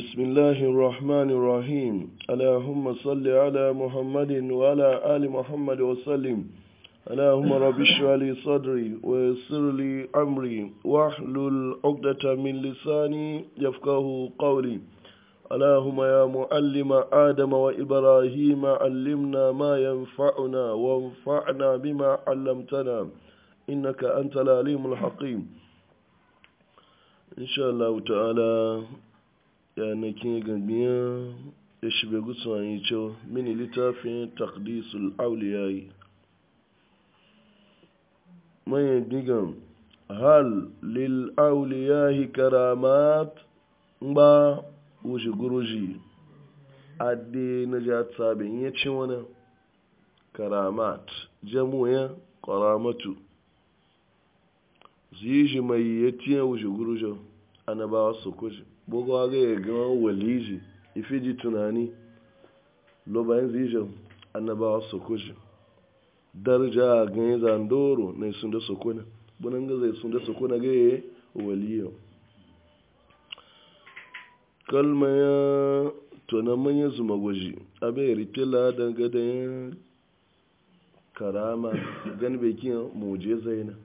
بسم الله الرحمن الرحيم اللهم صل على محمد وعلى آل محمد وسلم اللهم رب اشرح لي صدري ويسر لي امري واحلل عقدة من لساني يفقه قولي اللهم يا معلم آدم وإبراهيم علمنا ما ينفعنا وانفعنا بما علمتنا إنك أنت العليم الحكيم إن شاء الله تعالى ya na kin gambiya ya shibe gutsu an yi cewa mini littafin takdisul auliyayi manyan digan hal lil auliyahi karamat ba wuce guruji ade na ja tsabin ya ci wani karamat jamuyan karamatu ziji mai ya tiya wuce ana annabawa su kuji bugu aga ya ga waliji ifi ji tunani lobayin zijin annabawa sokoji kuji darja ganye zandoro na sun da sokona bunan ga zai sun da sokona ga ya waliyo kalma ya tunan manyan zuma gwaji abin ya rike ladan gadon karama gan bekin muje zainab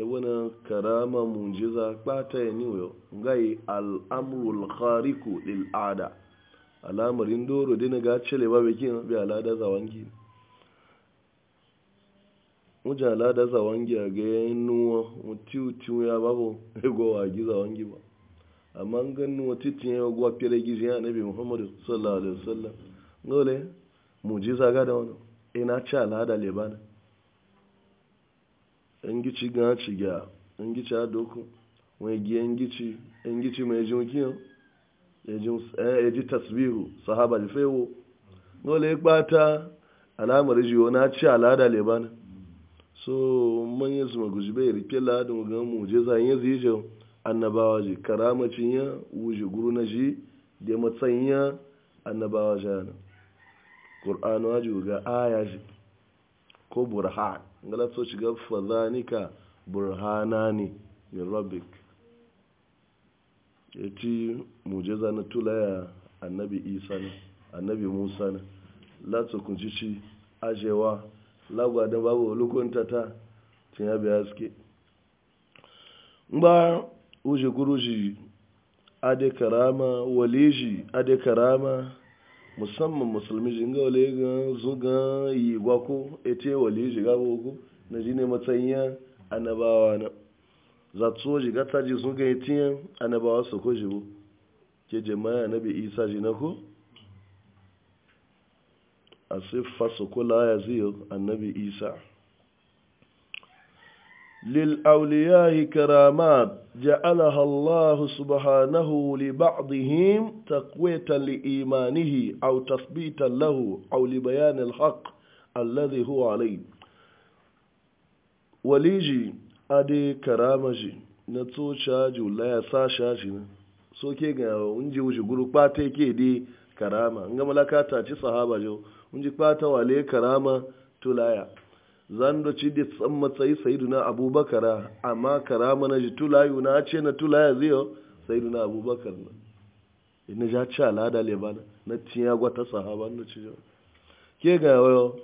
ebona karama munjiza kpata ya niyo ngai al'amrul khariku lil ada al'amarin doro dina ga cele bikin bi alada zawangi muja alada zawangi a ga nuwa mutiu tiu ya babo ego wa giza wangi ba amma gan nuwa titin ya gwa pere gizi ya nabi muhammadu sallallahu alaihi wasallam gole mujiza ga da wani ina ci alada lebana engici gaci ga engici adoku wai gi engici engici mai jin kiyo ya ji e, tasbihu sahaba da fewo dole ya bata alamar jiwo na ci alada na so manyan su maguji bai rike ladin ga muje za yin ije annabawa ji karamacin ya wuje guru na ji da matsayin ya annabawa jana ƙur'anu ji ga aya ji ko burhan ngala so shiga fadhanika burhanani min rabbik yati mujiza na tulaya annabi isa ne annabi musa ne la so ji ci ajewa la da babu lukunta ta tin ya biya suke ba uje guruji ade karama waliji ade karama musamman musulmi jinga wale ga zuga yi gwako ete wale shiga gogo na ji ne matsayin ya annabawa na zato shiga ta ji zuga ya tiyan annabawa su ko jibo ke jama'a na bi isa ji na ku a sai fasa kula ya ziyo annabi isa للأولياء كرامات جعلها الله سبحانه لبعضهم تقوية لإيمانه أو تثبيتا له أو لبيان الحق الذي هو عليه وليجي أدي كرامجي نتو شاجي ولا يسا شاجي soke ga unji wuce guru kpata ke dai karama in ga malaka ta ci sahaba jau unji kpata wale karama tulaya zan da ci da tsan matsayi sayiduna abubakar amma kara mana ji tulayu na ce na tulaya ziyo sayiduna abubakar na ina ja ci alada ba na tiya gwata sahaba na ci jau ke ga yau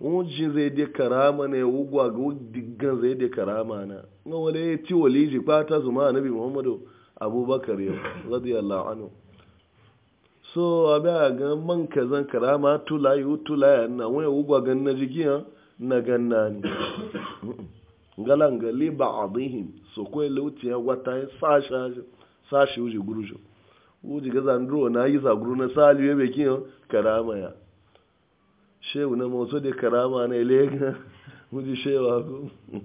wujin zai da karama ne wugwa ga diggan zai da karama na na wale ya ci waliji fata zuma annabi muhammadu abubakar yau radiyallahu anhu so abin a ga man kazan karama tulayu tulaya na wani wugwa gan na jigiyan na ganna ne galangali ba adihim so kawai lautiya wata sasha sashi uji gurujo uji ga zanduro na yi zaguru na sali ya kin karama ya shehu na moso da karama na ilega uji shewa ko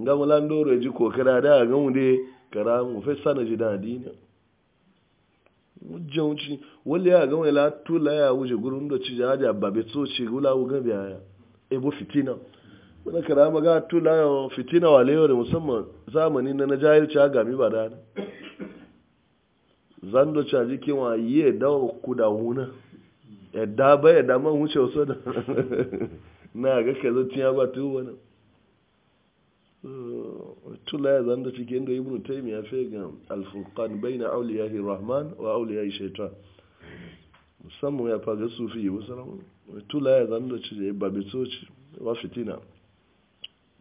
nga mulandoro ji kokara da ga mu dai karamu fa sana ji da ne mujjauci wallahi ya ga wala tula ya wuce gurun da ci jaja babe so ci gula wuga biya ebo fitina wani kara maga tula yau fitina wa lewa da musamman zamani na na jahilci a gami ba da zando jikin wa yi ya dawa ku da wuna ya da ba ya da man wuce wasu da na ga ka zai tiya ba tu wani tula ya zando ciki inda ibn taimi ya fi ga alfukan bai na auliyahi rahman wa auliyahi shaitan musamman ya faga sufi yi wasu ramunan tula ya zan da ci babi soci wa fitina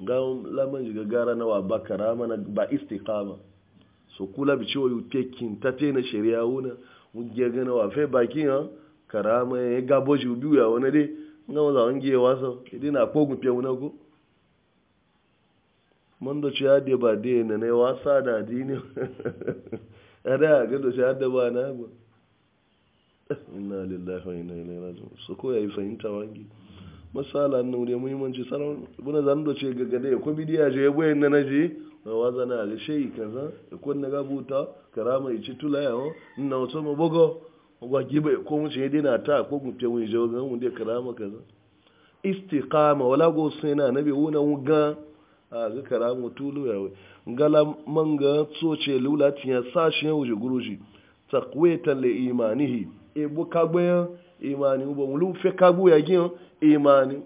ga laman ji gara na wa bakara mana ba istiqama so kula bi ciwo yu tekin ta te na shari'a wuna ge gana wa fe baki ha karama ya gabo ji ubi ya wani dai zan ge wa wasa idan na ko gupe wuna ko mun da ci de ba de na ne wasa da dini ada ga da ci hade ba na ba inna lillahi wa inna ilaihi raji'un su ko yayi fahimta wangi masala nan da muhimmanci sanan buna zan doce ce gaggade ko bidiya je ya goyen na naji wa wazana ga shehi kaza ko na gabuta karama ici tula yawo inna wato mu bogo wa gibe ko mu ce dina ta ko mu te mu je ga mu de karama kaza istiqama wala go sina nabi wuna wuga a ga karamu tulu yawo ngala manga tsoce ce lula sashin wuje guruji taqwatan li imanihi ebo kagbe yan imani ubo wulu fe kagbu ya gi imani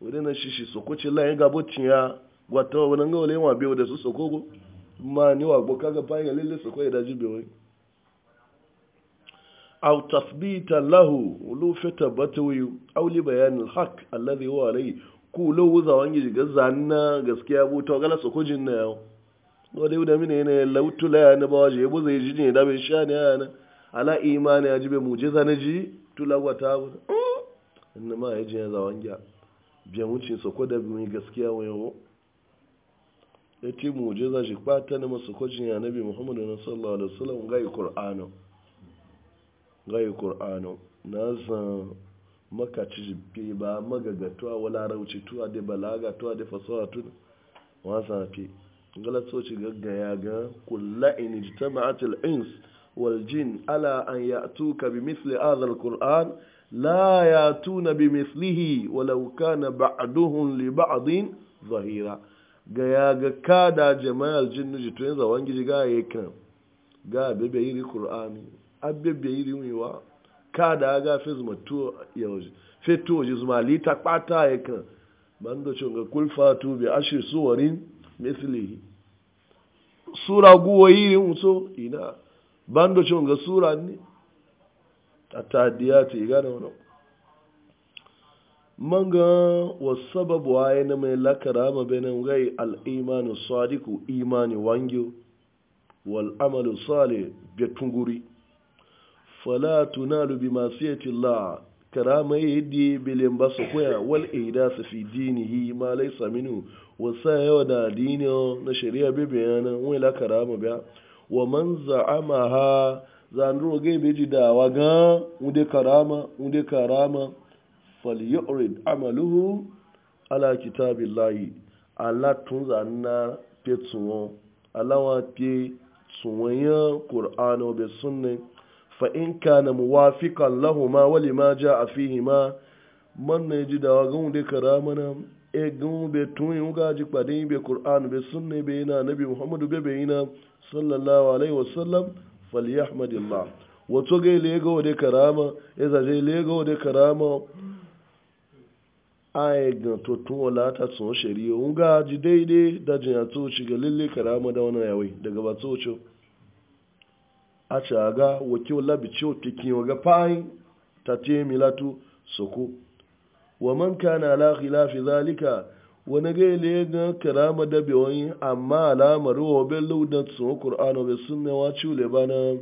wuri na shishi soko la ga bo tiya gwata wona nga ole wa biwo da su soko go mani wa gbo kaga pa ya lele soko ya daji biwo aw tathbita lahu wulu fe tabata wiyu aw li bayan al haqq alladhi huwa alayhi ku lo wuza wangi ga zanna gaskiya bu to gala soko jin na yau dole da mine ne lautula ya na bawaje bu zai ji ne da bai sha ne ana ala imani ya ji bai mujiza na ji tulagwa ta abu mm. inda ma ya ji ya zawon gya biyan wucin soko da mai gaskiya wa yawo ya ce mujiza shi kwata na masu kwacin ya nabi muhammadu na sallallahu alaihi wasallam gai kur'ano gai kur'ano na san makaci jibbe ba magagatuwa wala rauci tuwa da balaga tuwa da fasaha tun wasa fi galatsoci gaggaya ga kulla in ma'atil ins waljin ala an ya'tuka bi misli hadha alquran la ya'tuna bi mislihi walau kana ba'duhum li ba'din zahira ga ga kada jama'al jinnu jitu yanzu wangi ga yakan ga bebe yiri qur'ani abebe yiri wiwa kada ga fizma to yaji feto jizma li ta pata yakan bando chunga kulfatu bi ashri suwarin mislihi sura guwa yiri unso ina bando ci ga sura ni atadiyati gano wani manga wasababu waye na mai lakara ma benin gai al'imanu sadiku imani wangyo wal amalu sale betunguri fala tunalu bi masiyati la karama yidi bilin su koya wal su fi dinihi ma laysa minu wa yawa da dini na shari'a bibiyana wai lakara ma biya wa man ha zanro gai ji da waga unde karama unde karama yu'rid amaluhu ala kitabillahi ala tun zanna pe ala wa pe tsuwon qur'ano be sunne fa in kana muwafiqan lahumma wa lima ja'a ma man ne ji da waga unde karama na egun be tun yin gaji kpadin be qur'an be sunne be yana nabi muhammadu be be yana sallallahu alaihi wasallam falyahmadillah wato ga lego de karama eza je lego de karama ai e ga to tun wala ta tun shari'a un gaji daidai da jinya to ci ga lalle karama da wannan yawai daga ba to ci a ci ga wakil labi ciwo tikin waga fayin ta te milatu soko wa man kana la zalika wani ga ile ga karama da bewon amma alamar wa bello da qur'ano be sunna wa chule bana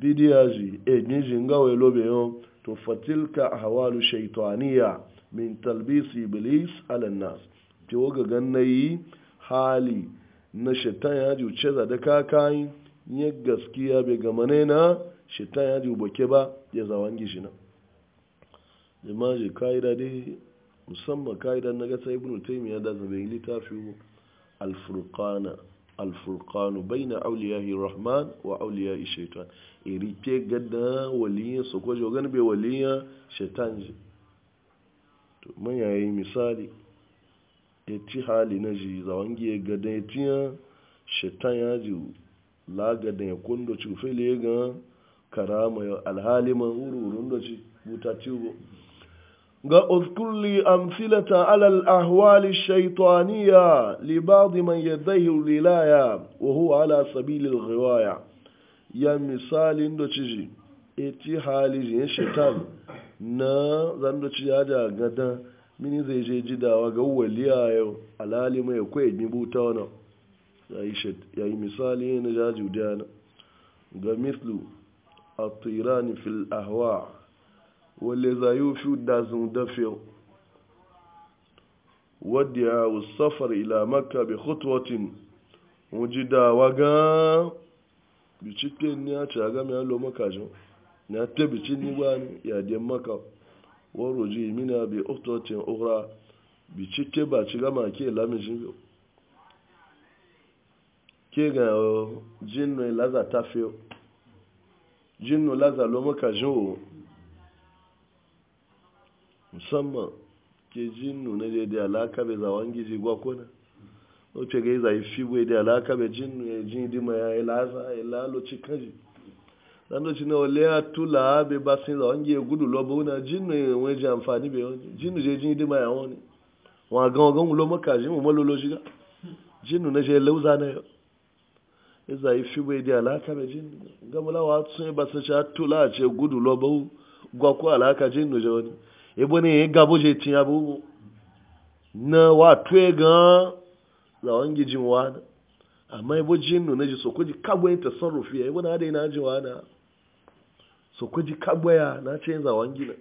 bidiyaji e ginji ngawe lobe yo to fatilka hawalu shaytaniya min talbis iblis ala nas ti woga gannayi hali na shaitan ya ji uce da kakai ya gaskiya bai gamane na shaitan ya ji ubake ba ya zawangi shi nan. limaji ka'ida dai musamman ka'ida na gasa ibn taimiyya da zabe littafi alfurkana alfurkanu bai na auliyahi rahman wa auliyahi shaitan iri ke gada waliyan su kwaje wani bai waliyan shaitan ji to man yayi misali ya ci hali na ji zawon giye gada ya tiya shaitan ya ji lagadan ya kundo ci fele ga karama alhaliman wuri-wurin da ci buta ci ga uzkulli amsilata alal ahwali shaitaniya li ba'd man yadahi lilaya wa huwa ala sabili riwaya ya misalin do ciji eti hali yin e shaitan na zan do ciji haja gada mini zai je jidawa ga waliya yau alali mai kwai mi buta wana ya yi misali e na jaji dana ga mislu at-tirani fil ahwa' wale zayu fi dazun dafiyo wadda ya safar ila makka bi khutwatin wuji da waga bi cikin ya ci a gami alo makajin na ta bi ni niba ni ya den maka waroji mina bi hutuwatin ukra bi cike ba ci gama ke lamishin biyu ke ga jinnu laza ta tafiyo jinnu laza lo makajin musamman ke jinnu na da da alaka bai zawon ji gwa kona wace ga yi zai fi bai da alaka bai jinnu ya jin ma ya yi laza ya laloci kaji dan da shi na wale ya tula bai ba sun zawon gizi e gudu lobo na jinnu ya e wani ji amfani bai wani jinnu je jin ma ya wani wa gan gan ulo maka jin mu malolo shiga jinnu na je lauza na yau ya e zai fi bai da alaka bai jinnu gamula wa sun ba sun sha tula ce gudu lobo gwa ko alaka jinnu je wani ebo ne ya gabo je tin abu na wa la ga zawon ji wa amma ebo jin nuna ji sokoji kagbo yin tasarrufi ya ebo na adai na ji wani sokoji kagbo ya na ce yin zawon na?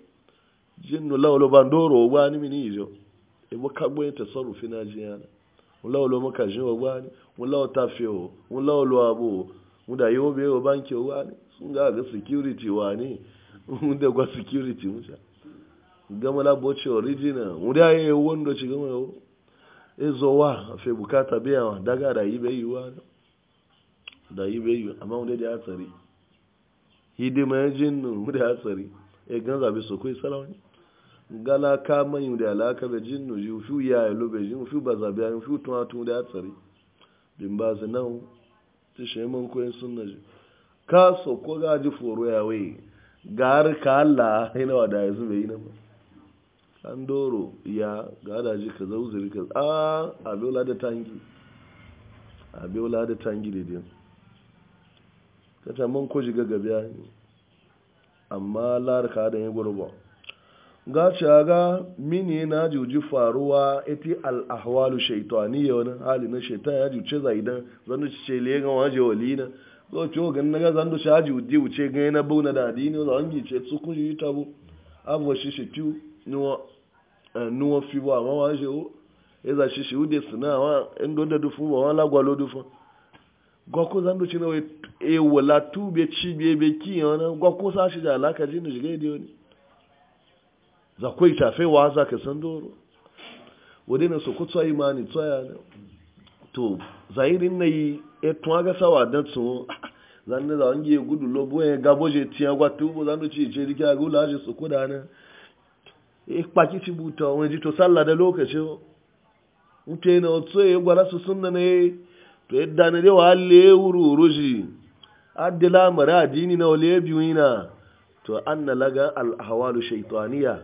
jin no wani ban doro wa ni mini ijo ebo kagbo yin tasarrufi na ji yana wula wula maka jin wa wani wula wata fiyo wula wula abu wula yi obe wa banki wa wani sun ga ga security wa Mun da gwa security sha gama la boce original muda ye wondo ci gama yo ezo wa fe bukata biya daga da ibe yiwa da ibe yiwa amma muda da hatsari hidima ya jinnu muda hatsari ya ganza bi so kai salawani gala ka man da alaka be jinnu ju fu ya lo be jinnu fu baza biya fu tun tun da hatsari bin ba su nan ta shaiman sun na ji kaso ko gaji foro ya wai gar ka Allah yana wa da yanzu bai yi na ba an doro ya ga adaji ka zuri ka a abiola da tangi abiola da tangi da din ta tamman ko shiga gabi ya yi amma larka da ya gurba gaci ga mini na juji faruwa iti al'ahwalu shaitaniya wani hali na shaitan ya juce za idan zanu ce le ga waje wali na zo ciwo ganin na gazan da shaji udi wuce gani na bauna da dini za an ce su kun yi tabo abuwa shi shi ni wa wọn fi bo wa je o eza shi shi wa ndo da fún ba wala gwako zando china we e wala tu be chi be be ki gwako sa shi ṣe alaka jinu jige dio za ko ita fe wa za ka san doro de na soko ayé imani tsoya to ń nayi e tun aga sawa dan tun zanne za wange gudu lobo e gaboje tiya gwatu bo zando chi je dike agula je soko da na ikpaki ci buta wani ji to sallah da lokaci wuce na otu ya gwara su sunna ne to yadda na dewa halle wuru ruji adila mara adini na wale biyu na to an na laga alhawalu shaitaniya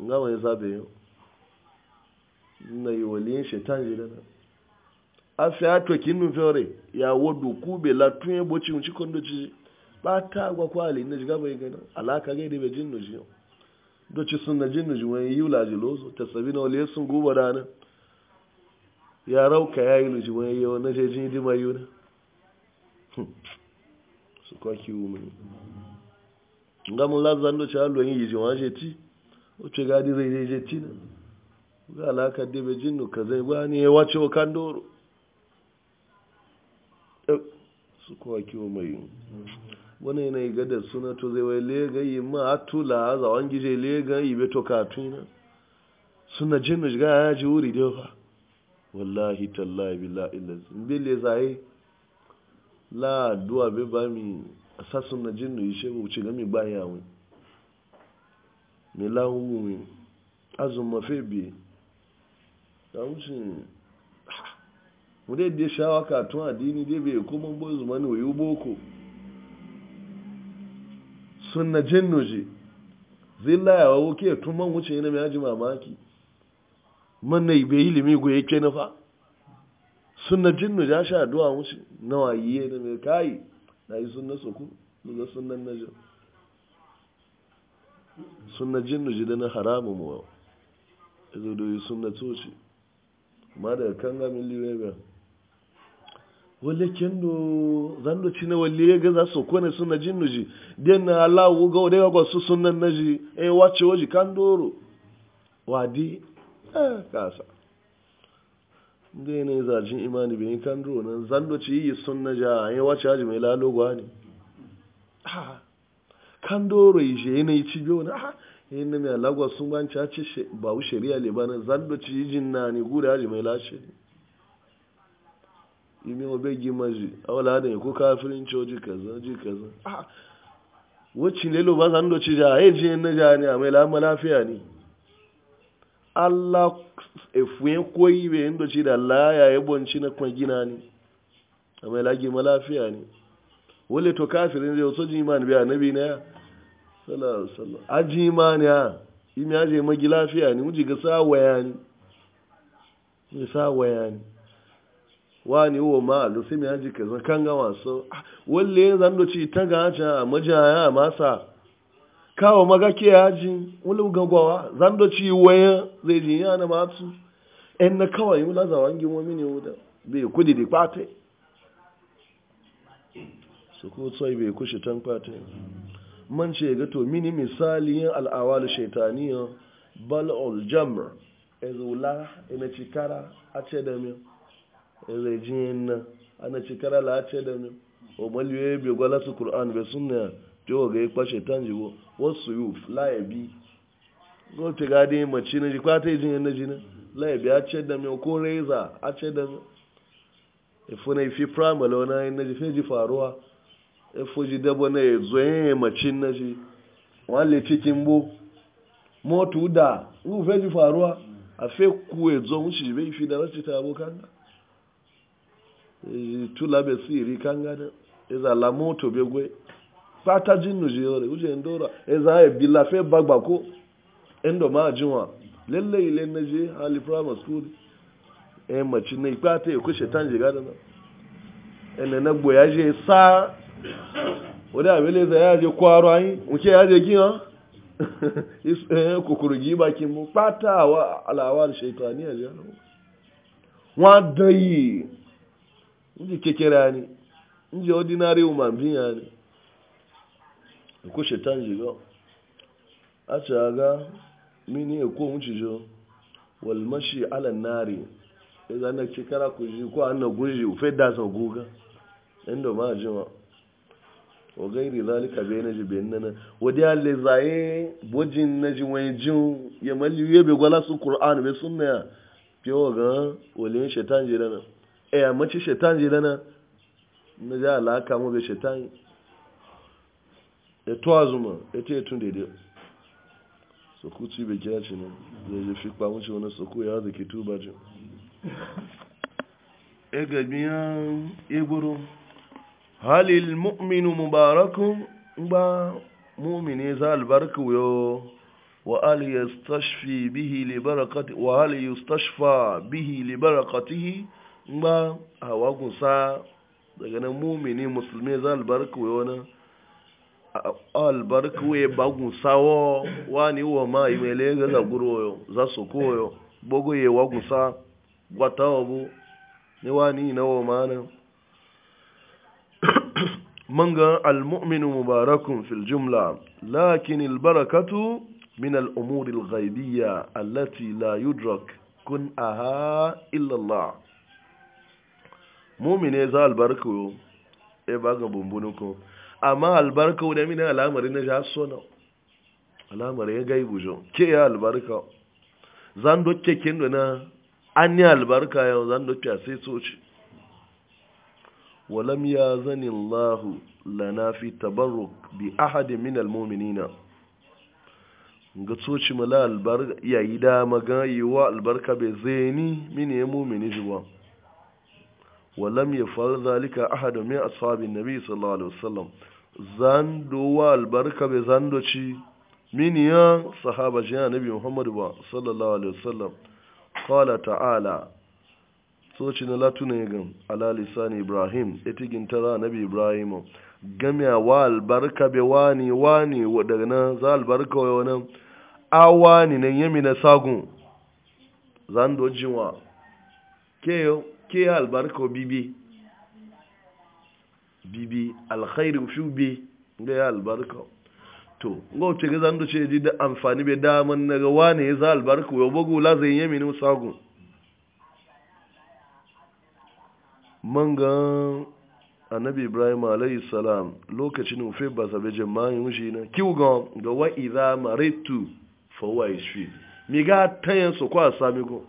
ga wani zabe yau na yi waliyin shaitan ji da a fi ato kinu fere ya wadu kube latun ya boci wuci kondo ci ba ta gwa kwali na jiga bai gana alaka gaida bai jin nuji doci sun na jin nuji wani yiwu ji su ta sabi na wale sun guba rana ya rauka ya yi nuji wani yawa na jejin yi dima yiwu na hmm. su kwaki umuni ga mun lazan doci halon yi ji wani o ce gadi zai zai jeti na ga alakar da bai jin nuka zai ne ya wace wa kan doro su kwaki umuni wani na yi gadar suna to zai wai lega yi ma a tula a zawon gije lega yi beto katuna suna jin na shiga ya ji wuri da fa wallahi tallahi billah ilaz in bi le zai la duwa be ba mi sa suna jin yi shebu ci ga mi baya wani mi la hu mi azun ma fe bi da wucin mu dai da shawa katun addini dai bai kuma zuma ne wayo boko sunna jinnoji zilla ya wawo ke tun man wuce yana mai haji mamaki man na ibe ilimi goye ke na fa sunna jinnoji ya sha addu'a wuce na wayiye da mai kayi na yi sunna soku daga sunnan najin sunna jinnoji da na haramu mu yau izo da yi sunna toci Kuma daga kan gamin liwe wale kendo zando cina wale ya gaza so kone suna jin ji den na Allah wu ga da ga su sunan naji e wace waji kan doro wadi eh kasa dai ne za jin imani bin kan doro nan zando ci yi sunna ja eh wace waji mai lalo gwa ne kan doro yi je ne ci biyo na ha yin na mai lagwa sun ban ci ba shari'a le ba na zando ci e, jin na ni gura ji mai lashe ne imi obe gi maji awala da ko kafirin coji kaza ji kaza ah, wacce lelo ba zan doci ja ya ji na ja ne a mai lama lafiya ne Allah efuyen koyi be yin doci da laa ya yi bonci na kwa gina ne a mai lagi ma lafiya ne wale to kafirin zai wasu ji imani biya nabi na ya sallallahu sallallahu a ji imani ya imi aje magi lafiya ne wuji ga sa waya ne sa waya ne wani wo ma lufi mai haji kaza kan ga wasu ah, walle zan ci ta ga haja majaya masa kawo maga ke haji wani gaggawa zan ci waya zai ji yana matsu en na kawai yi laza wangi wa mini wuda bai kudi di kwate su ko tsoi bai kushe tan kwate man ce ga to mini misali yin al'awal shaitaniya bal'ul jamr ezula ina cikara a ce da mai zai na yin nan ana cikara la'ace da ne o maliyo bai gwala su kur'an bai sunna to ga ya kwashe tan jiwo wasu yu laye bi go te ga dai mace ne kwa ta jin na jina laye bi a ce da me ko reza a ce da me ifuna ifi primal ona na ji feji faruwa ifo ji dabo na ezo eh mace na ji wale cikin bo motu da u feji faruwa a fe ku ezo mun shi bai fi da rashin ta abokan tula be siri kanga da eza la moto be gwe pata jinnu jiyore uje ndora eza e bila fe bagba ko endo ma jinwa lalle ile na je hali primary school e mace na ipata e kushe tanje gada na ene na gbo ya je sa ode abele za ya je kwaro ayin nke ya je giyan kòkòrò yìí bá kí mú pátá àwọn àlàwà ṣètò àníyànjẹ́ ndị kekere anyị ndị ọdịnarị ụma bi ya anyị ekwecheta njigo acha aga mini ekwo nwuchijo walmashi ala nari eza na cikara kuji ko an na gunji ufe da sa guga inda ma jima o gairi zalika bai na ji bayan nan wadi alle zaye bojin na ji wani jin ya malli ya bai gwala su kur'an bai sunna ya fiye wa ga waliyin shaitan jirana ya eh, mace shaitan ji dana na ji alaka mu bai shaitan ya tuwa zuma ya ce tun daidai soku ci bai kira ce ne zai ji fi kwamun ce wani soku ya zaki tuba ji e gabiyan igboro halil mu'minu mubarakun ba mu'mini za albarka yau wa يستشفى به bihi وهل يستشفى ba a wagunsa daga nan mumini musulmi za albarka wa wani albarka wa bagunsa wa wani wa ma yi mai lega za guro za su koyo bugu ya wagunsa gwata wa bu ni wani na wa ma nan manga almu'minu mubarakun fil jumla lakin albarakatu min al'umuri al-ghaibiyya allati la yudrak kun aha illallah mumine za albarka yo ya e ba ga bumbunin ko amma albarka wani mina al'amari na ja sona al'amari ya gai bujo ke ya albarka zan doke kin na an yi albarka yau zan doke a sai soci walam ya zani allahu lana fi tabarruk bi ahadin min almu'minina ga soci mala albarka yayi da yi wa albarka bai zai ni mini ya mumini jiwa walam ya faru zalika ahada min ashabin nabi sallallahu alaihi wasallam zando wa albarka bai zando ci min ya sahaba jiya nabi muhammadu sallallahu alaihi wasallam qala ta'ala so na latuna ya gan ala lisani ibrahim itigin tara nabi ibrahim gamya wa albarka bai wani wani daga nan za albarka wa wani awani nan yami na sagun zando jiwa ke ke albarko bibi bibi alkhairu shube ga ya albarka to ngo wace ga zan dace da amfani da daman na ga wane za albarka ya bugu la zai yemi mini sago manga annabi ibrahim alayhi salam lokacin ufe ba sabe jama'in shi na kiwu ga ga wa idza maritu fa wa ishi mi ga tayan su kwa sami go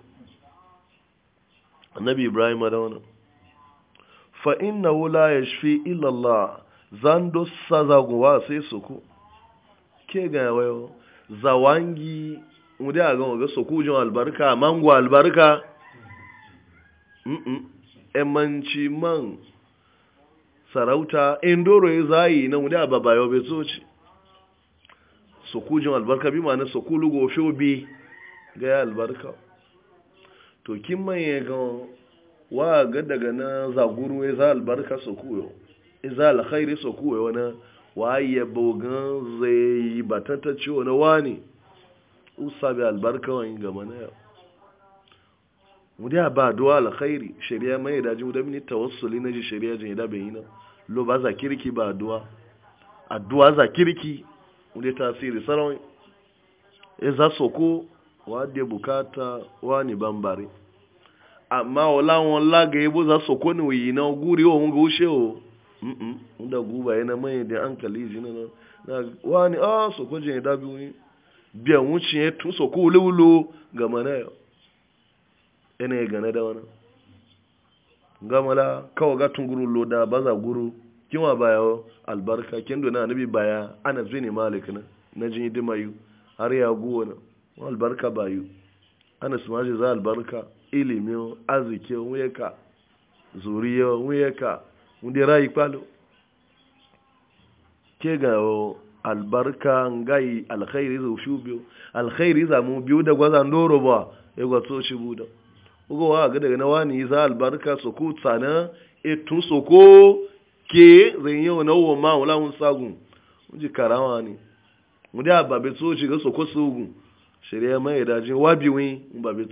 annabi ibrahim da wani fa inna wula ya shafi illallah zando sazaguwa sai suku ke ga wayo zawangi wuri a gan waga jin albarka mango albarka emanci man sarauta indoro ya zayi na wuri a babayo bai zoci jin albarka bi ma na lugo fi bi ga albarka to kin ya ga wa ga daga na zaguru ya za albarka su kuyo ya za alkhairi su kuyo wani wa ya bogan zai yi batanta ciwo na wani usa bi albarka wani gama na yau mu da ba duwa alkhairi shari'a mai daji jin da mini tawassuli na ji shari'a jin da na lo ba za kirki ba duwa a duwa za kirki mu da tasiri sarawai ya za soko wadda bukata wani bambari amma wala won laga yabo za su kone wuyi na guri wa wunga wushe wo da guba yana mai da hankali jina na wani a ah, su kwaje ya dabi wuni biyan wuce e tun soko lewulo ga mana yo ene ya gane da wani gamala kawa ga tunguru loda baza guru kinwa baya albarka kin na nabi baya ana zuni malik na na jini dimayu har ya guwa na albarka bayu ana su maji za albarka ilimi arziki wuyeka zuriya wuyeka wunde rayi kwalo ke ga albarka ngai alkhairi zu biyu alkhairi za mu biyu da gwaza ndoro ba ya e gwato shi buda ugo wa ga daga nawani za albarka su ku tsana etu su ko ke zan yi na wo ma wula hun sagun mun ji karawa ne mun da babe so shi ga su ko sugun shirya mai dajin wabiwi ba bai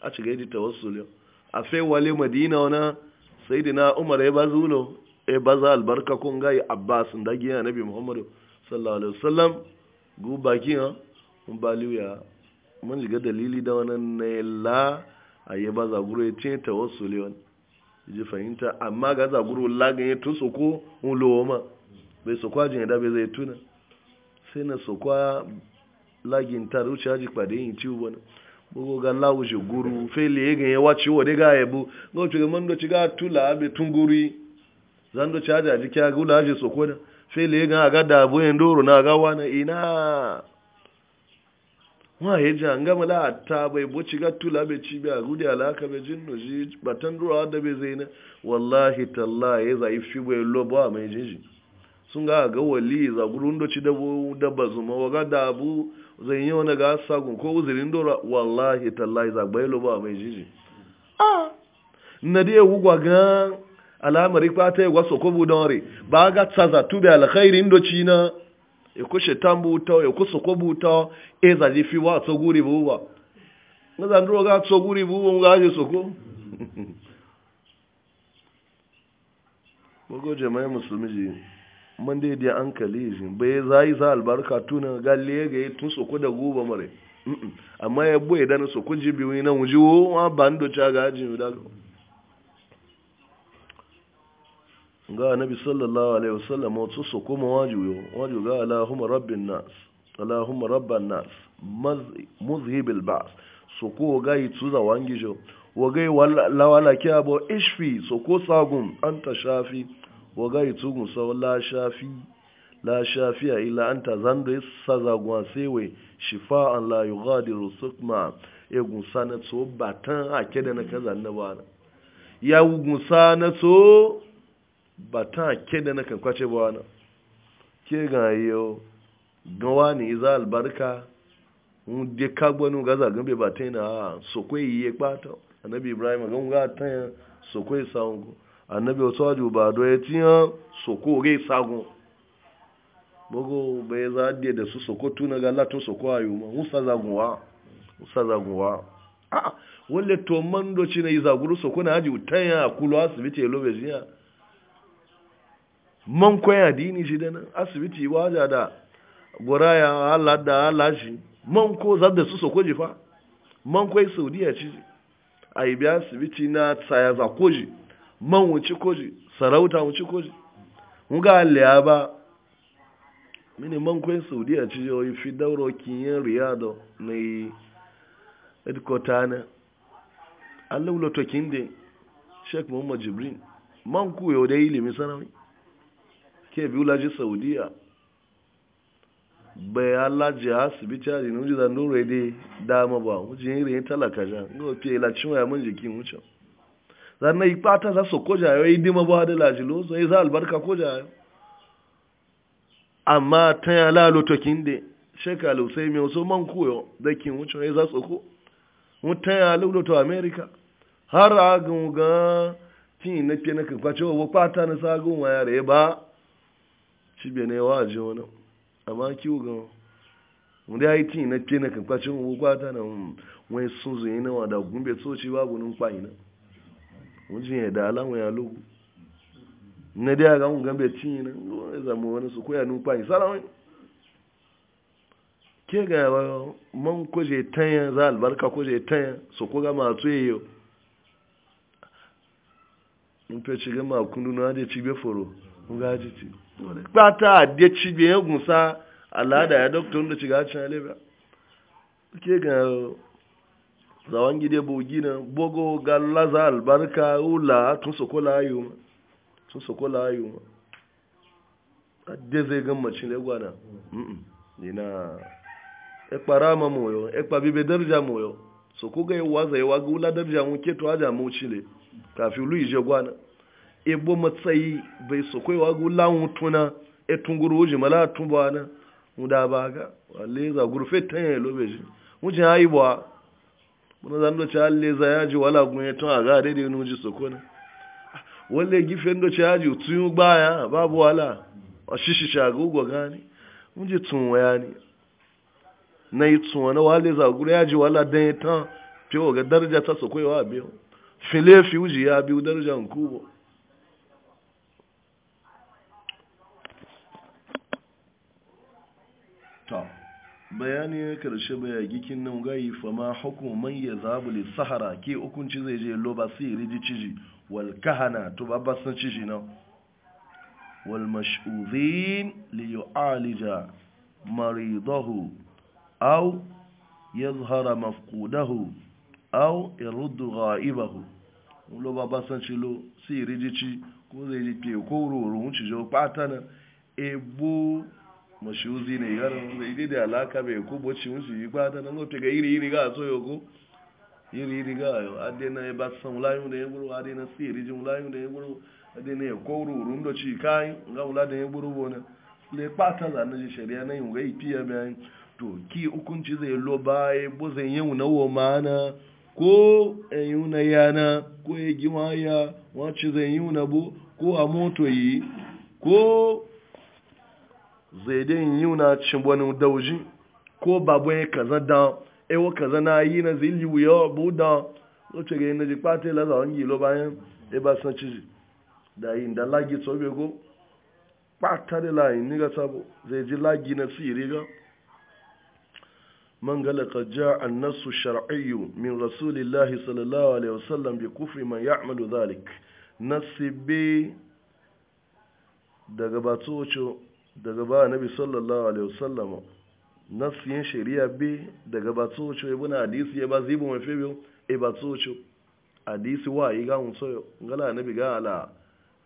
a ci gaidi ta wasu liyo a fai wale madina wana sai dina umar ya ba zulo ya ba za albarka kun gayi abbas da giya nabi muhammadu sallallahu alaihi wasallam gu baki ha mun ba liya mun liga dalili da wannan na la a ya ba za guru ya ce ta wasu liyo ji fahimta amma ga za guru lagan ya tun soko un lowo bai soko ajin ya da bai zai tuna sai na soko lagin ta ruce haji kpade yin ciwo wani gbogbo ga lawuce guru fele ya ganye wace wa daga yabo ga wace ga mando ci ga tula be tunguri zan do ci haji a jiki ga wula haji sokona fele ya gan aga da abu yin doro na aga wani ina wa ya ji an gama ta bai bo ci ga tula be ci bai a gudu alaka be jin noji batan doro da be zaina wallahi tallahi ya zai fi bai lobo a mai jinji sun ga ga wali za gurundo do ci da bazuma zuma waga da abu zan yi wani ga sagun ko uzurin dora wallahi tallahi zagbai lo ba mai jiji ah na dai wugwa ga alamari kwa ta yagwa soko bu don re ba ga tsaza tube alkhairi ndo china ya e kushe tambu ta ya e kusa ko soko e za ji fi wa to guri bu wa na zan dora ga to guri bu ga ji soko Bogo jama'a musulmi ji man dai da hankali jin bai zai za albarka tunan galle ga yi tun soko da guba mare amma ya boye dan soko ji biyu na wuji wo ma ban do ta ga ji da ga annabi sallallahu alaihi wasallam wato soko ma waju yo waju ga allahumma rabbin nas allahumma rabban nas muzhib al su ku ga yi tuza wangi jo wa ga lawala kiyabo ishfi soko sagum anta shafi waga itu musa la shafi la shafiya illa anta zando isa zagwa sewe an la yughadiru sukma e sa na tso batan a da na kaza na bana ya sa na tso batan ake da na kan kwace bana ke ga yo gawa ne za albarka mun de kagbonu gaza zagan be batai na so kwe yi ya kpata anabi ibrahim ga mun ga tan so kwe saungo annabi wasu hajji ba da ya tiya soko rai sagun bugu bai ya zaɗe da su soko tuna ga latin soko a yi ma musa zagunwa musa zaguwa a wale to mandoci na yi zaguru soko na hajji ta yi a kulu asibiti ya lobe zina? man kwaya dini shi da nan asibiti waja da goraya hala da hala shi man ko zadda su soko jifa man kwai saudiya ci a yi biya asibiti na tsaya zakoji man wuci koji sarauta wuci koji nga aliya ba mini man kwen saudiya ci yo fi dauro kinyen riyado na yi edkotana allah tokin da sheik muhammad jibrin man ku yau da ilimi sanami ke biyu laji ji saudiya bai allah ji asibiti a jini wujiza nuru da dama ba wujiyin yin talaka jan ga wafi ilacin waya mun jikin wucin zanna yi ta za su koja yo yi dima ba da lajilo so za albarka koja yo amma ta ya lalo to kinde shekalu sai mai wasu man koyo da kin wucin wuce za su ko ta yi lalo ta amerika har a gunga tin na fiye na ka cewa wa pata na sagun wa yare ba shi be ne waje wani amma kiwo ga ya yi tin na fiye na ka cewa wa pata na hmm, wani sun zuwa na wa da gumbe soci babu nun kwai na wajen ya da alamu ya lugu na dai ga mun gambe cinye na ya zama wani su koya nufa yi salamai ke ga man kuje tanya za albarka kuje tanya su koga masu yayo in fe ci gama kundu na da cibe foro mun ga ji ci kwata da cibe ya gusa alada ya doktor da ci ga can lebe ke ga zawon gide bogina bogo ga laza albarka ula tun sokola ayu ma tun sokola ayu ma adde zai gan macin da gwana nina ekpara ma moyo ekpa bibe darja moyo soko ga yawa zai wa gula darja mu ke to aja mu chile kafi lu ije gwana ebo matsayi bai soko yawa tuna wula mutuna etunguru uji mala tumbana mudabaga wale za gurfe tan mu je ayi bwa muna zan doce halle za ya ji wala gun ya tun a ga da wani wuji soko ne wale gifen doce ya ji tun yi gbaya babu wala a shishi shagogo gani ji tun waya ne na yi tun wani wale za gure ya ji wala dan ya tun fi ga daraja ta soko yawa biyu file fi wuji ya biyu daraja kubo Tom. bayanin karshe gikin nan gayi fama hukum ya zabu li sahara ke hukunci zai je loba siri riji ciji wal kahana to babba san ciji na wal mash'udhin li yu'alija maridahu aw yadhhara mafqudahu aw yaruddu ghaibahu lo babba san su siri riji ci ko zai je ko roro mun ci jo patana ebu mashuzi ozi yaro zai eh. dai da alaka bai ko boci musu yi ba da nan ga iri iri ga so yoko iri iri ga yo ade na ba san layu da ya buru ade na siri jin layu da ya buru ade na ya koru rundo ci kai anyị nga da ya buru bona le pata za na sharia na yin ga ipiya bayan to ki zai zai na wo ko eyu na ko e na ko e moto zai dai yi yuna cin dauji ko babu ya kaza da E, ewa kaza na yi na zai liwu ya wabu da zoce ga yi na ji pati laza wangi lo bayan e ba san ciji da yi da lagi to bego pata de yi ni ga sabo zai ji lagi na si riga man galaka ja an nasu shar'iyyu min rasulillahi sallallahu alaihi wasallam bi kufri man ya'malu Zalik. nasibi daga batocho daga ba nabi sallallahu alaihi wasallam nasiyin shari'a bi daga ba tsocho ibn hadisi ya ba zibo mai febiyo e ba tsocho hadisi wa yi ga unso ngala nabi ga ala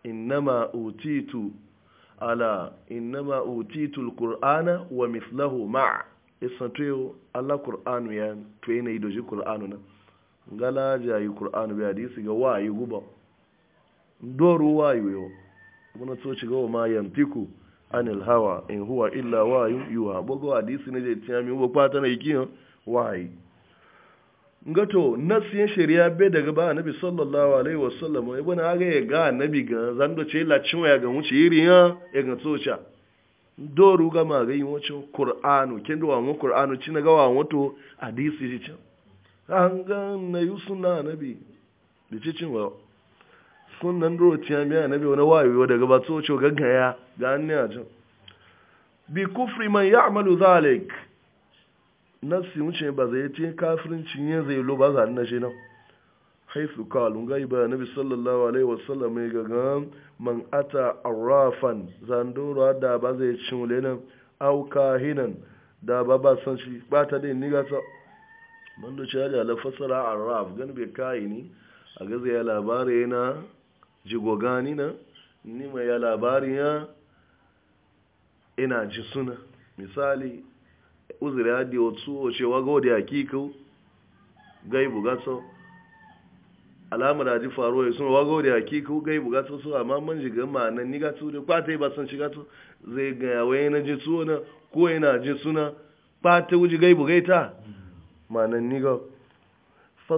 innama utitu ala innama utitu alqur'ana wa mithlahu ma isantiyo e alla qur'anu ya to yana idoji qur'anu na ngala yi qur'anu bi hadisi ga wa yi guba ndoru wa yi yo muna tsoci ga ma yantiku anil hawa in huwa illa wayu yuha bugu hadisi ne je mi wo ta na ikiyo wayi ngato nasiyin shari'a be daga ba annabi sallallahu alaihi wasallam ibn aga ya ga annabi ga zando ce la cinwa ya ga wuce iri ya ya ga tsocha doru ga ma ga yiwocin qur'anu kin da wa qur'anu cin ga wa wato hadisi ji can an ga na yusuna annabi da cicin wa sunan roci ya miya nabi wani wayo daga ba tsoci gaggaya ga hannun a jin bi kufri man ya amalu zalik nafsi wuce ba zai ce kafirinci ya zai lo ba za na shi nan haifu kalun gai ba nabi sallallahu alaihi wasallam mai gaga man ata arrafan zandora da ba zai cin wule nan auka hinan da ba ba san shi ba ta dai ni gasa mando da shi ya da lafasara arraf gani bai kayi ni a gaza ya labari na. jigo gani na mai ya labari ya ina ji suna misali uzuri hadi otu o cewa gode hakiku gaibu gaso alamar da ji faru ya suna wago da hakiku gaibu gaso su amma man jiga ma'anan ni gato da kwata ba san shiga su zai ga yawa na ji suna ko yana ji suna kwata wuji gaibu gaita nan ni gau.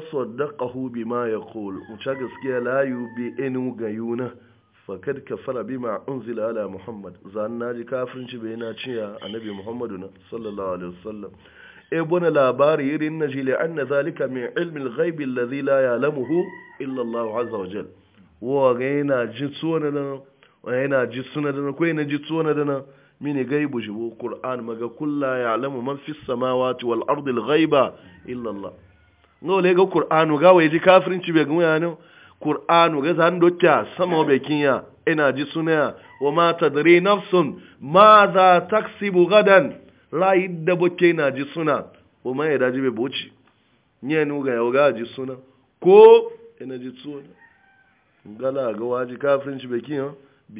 fasaddaqahu bima yaqul mucha gaskiya la yubi inu ga yuna fakad kafara bima unzila ala muhammad zan naji kafirci bai na ciya annabi muhammadu na sallallahu alaihi wasallam e bona labari irin naji li anna zalika min ilmi al-ghaib alladhi la ya'lamuhu illa allah azza wa jalla wa ga yana ji tsona da yana ji suna da ko yana ji tsona da na mini gaibu shi qur'an maga kullu samawati wal ardi gaiba ghaiba no le ga qur'anu ga waye ji kafirinci be ga yana qur'anu ga zan dotta sama be kinya ina ji sunaya wa ma tadri nafsun ma za taksibu gadan la yidda bokke ina ji suna wa ma ya daji be boci nye nu ga ga ji suna ko ina ji suna gala ga waji kafirinci be kinya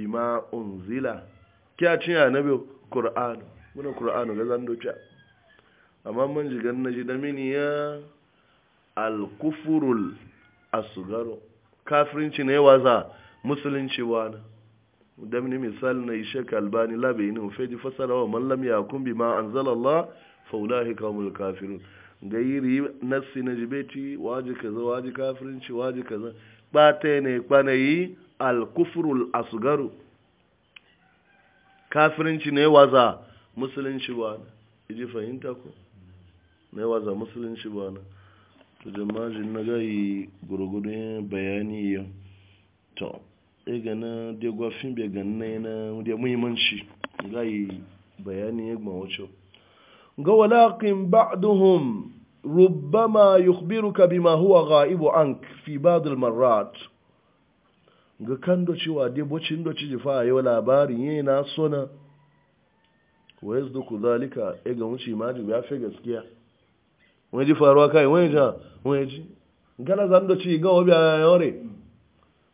ma unzila kya cin annabi qur'anu muna qur'anu ga zan dotta amma mun ji gan ji da mini ya alkufurul asugaro kafirinci ne waza musulunci wani dam ni misali na ishe kalbani labe ne ufe di fasara wa mallam ya kumbi ma an zalallah faulahi kawul kafirun ga yiri nassi na jibeti waji kaza waji kafirinci waji kaza bata ne kwanayi alkufurul asugaro kafirinci ne waza musulunci wani iji fahimta ko ne waza musulunci wani to jama'ajin na gayi gurgurin bayani yau to e gana da gwafin bai ganna yana da muhimmanci gayi bayani ya gbawa wacce ga walakin ba'duhum rubbama yukhbiruka bima huwa ghaibu ank fi ba'd al-marrat ga kan cewa da bocin do ci fa yau labarin yana sona wa yazduku zalika e ga wuce ma ya fi gaskiya wọ́n ji faruwa kai wani ja ji ndo ci a yore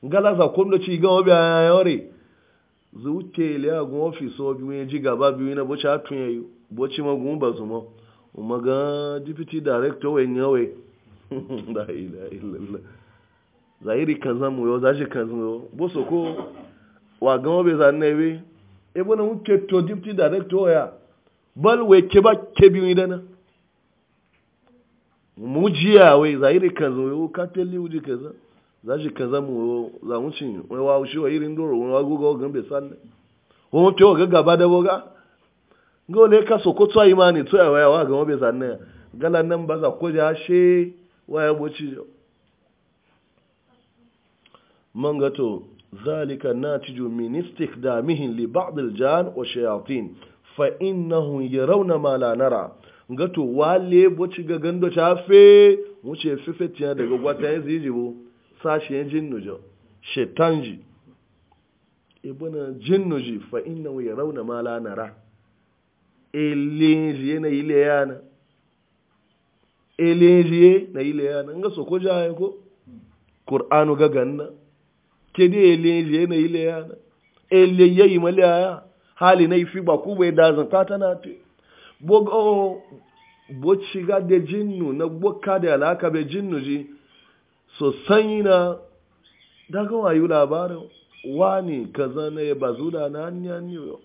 gala za ndo ci ga obi a yore zuke a gun office obi wani ji gaba bi wani bo tun yayu bo ma gun ba zuma umma ga deputy director kan kan wa gan zan e na to deputy director ya bal ke ba ke bi mujiya wai za iri kaza wai kateli uji kaza za shi kaza mu za mu cin wai wa shi wa irin doro wai wa gogo gan be sanne wai mu tewa gaga ba da boga ngo ne ka so ko twa imani to waya wa ga mu be sanne galan nan ba za ko ja she wa ya boci manga to zalika natiju da mihin li ba'd al-jan wa shayatin fa innahum yarawna ma la nara gato wale boci ga gando ta fe wuce tiya daga gwata ya ziji bo shi ya jin nujo shetan ji ibuna e jin nuji fa inna ya rauna ma la nara elenji e na ile yana elenji e na ile yana nga so ko jaye ko qur'anu ga ganna kedi elenji na ile yana ele yayi malaya hali na ifi ba ku bai dazan ta tana te bogo boci ga da jinnu na boka da alaka bai jinnu ji so sanyi na daga wayo labarin wani kaza na ya bazu da na hanyar new york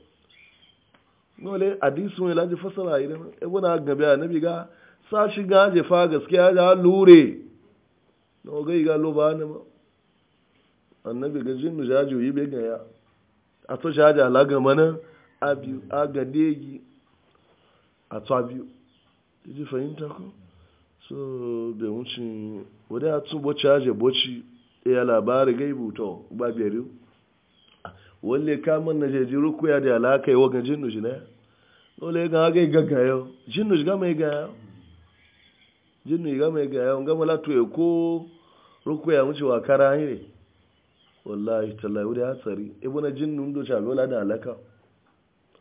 nole Adisu ne laji fasara idan ibuna a. annabi ga sa shi ga je fa gaskiya da lure no gai ga lo ne ma annabi ga jinnu jaju yi be ga ya a to jaja alaga mana abi aga a tsa biyu ji fahimta ko so da wucin wadda a tsubo caje boci ya ga ibu to ba biyar wale kamun na jeji rukuya da alaka yi wagan jin nuji na ya dole ga aga yi gaggayo jin gama yi gaya jin gama yi gaya gama latu ya ko rukuya wuce wa kara hanyar wallahi tallahi wadda ya tsari ibu na jin nuji da alaka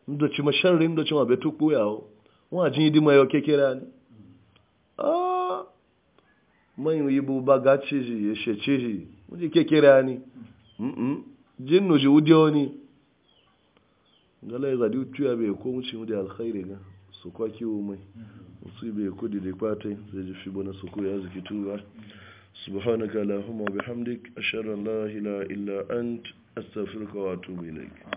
ndoci masharri ndoci ma betu kuyawo wọ́n àti ìdí mọ̀ ẹ̀yọ kékeré ni ah, mọ̀yìn òyìnbó bàgà chèjì ẹ̀ṣẹ̀ chèjì wọ́n ti kékeré ni jinnu ji wudiyo ni galai zadi tuya bai ko mucin wudi alkhairi ga su su bai kudi da kwatai zai ji fi bane su koya ziki tuba subhanaka allahumma bihamdik ashhadu an Allah, ilaha illa and astaghfiruka wa atubu ilaik